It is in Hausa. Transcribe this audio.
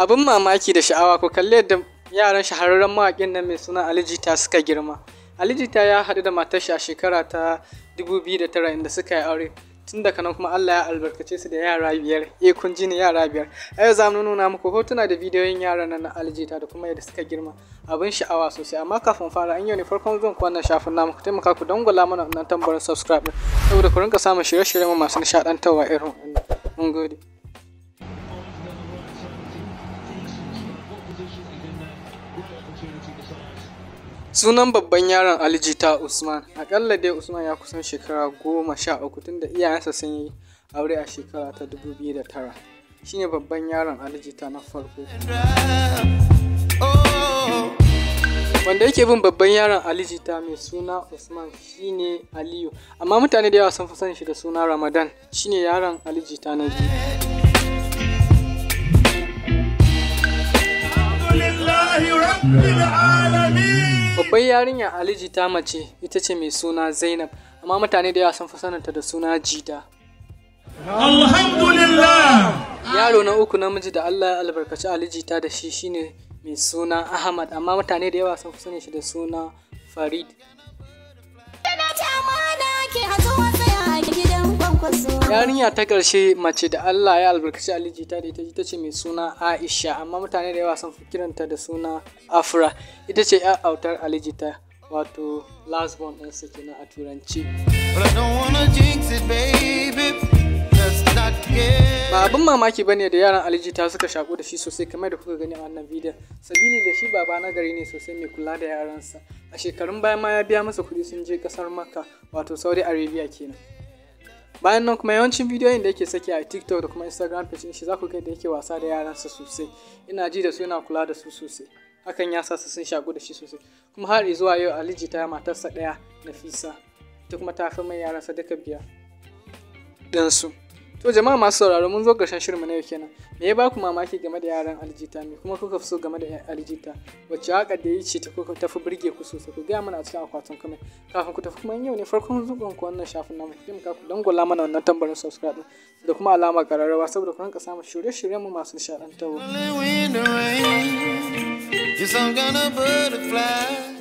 abin mamaki da sha'awa ku kalli yadda yaran shahararren mawaƙin nan mai suna alijita suka girma alijita ya haɗu da matarsa a shekara ta 2009 inda suka yi aure tun daga nan kuma Allah ya albarkace su da yara biyar e kun ji ne yara biyar a yau za mu nuna muku hotuna da bidiyoyin yaran nan na aljita da kuma yadda suka girma abin sha'awa sosai amma kafin fara an yau ne farkon zuwan ku wannan shafin namu ku taimaka ku dangwala mana wannan tambarin subscribe saboda ku rinka samun shirye-shiryen masu nishaɗantarwa irin wannan mun gode Sunan babban yaron Alijita Usman, akalla dai Usman ya kusan shekara goma sha uku tun da iyayensa sun yi aure a shekara ta 2009. ne babban yaron Alijita na farko. Wanda yake bin babban yaron Alijita mai suna Usman shine Aliyu, amma mutane da yawa sun fi sani shi da suna Ramadan, shi ne yaron Alijita na biyu. Babban yarinya Aliji ta mace ita ce mai suna Zainab, amma mutane da yawa sun fi sananta da suna Jida. Alhamdulillah! Yaro na uku namiji da Allah ya albarkaci Aliji ta da shi shine mai suna Ahmad, amma mutane da yawa sun fi sanin shi da suna Farid. Tana ta mana ke yarinya ta ƙarshe mace da Allah ya albarkaci Ali Jita da ita ce mai suna Aisha amma mutane da yawa sun fi kiranta da suna Afra ita ce ya autar Ali Jita wato last born su kenan a turanci. ba abin mamaki bane da yaran ta suka shaku da shi sosai kamar da kuka gani a wannan bidiyon sabili da shi baba na gari ne sosai mai kula da yaransa a shekarun baya ma ya biya masa kuɗi sun je ƙasar makka wato saudi arabia kenan bayan nan kuma yawancin bidiyoyin da yake saki a tiktok da kuma instagram page shi za ku ga da yake wasa da yaran sa sosai ina ji da su yana kula da su sosai hakan ya sa su sun shaku da shi sosai kuma har zuwa yau aliji ta matarsa daya nafisa ita kuma ta fi mai yaransa duka biya su. To jama'a masu sauraro mun zo ƙarshen shirinmu na yau kenan. Me ya baku mamaki game da yaran aljita me kuma kuka fi so game da aljita? Wacce haka da yi ce ta kuka tafi birge ku sosai ku gaya mana a cikin akwatin kuma kafin ku tafi kuma yau ne farkon zuɓin ku wannan shafin namu ku taimaka ku dangwala mana wannan tambarin subscribe da kuma alama ƙararrawa saboda ku rinka samun shirye shiryen mu masu nishaɗantarwa. Just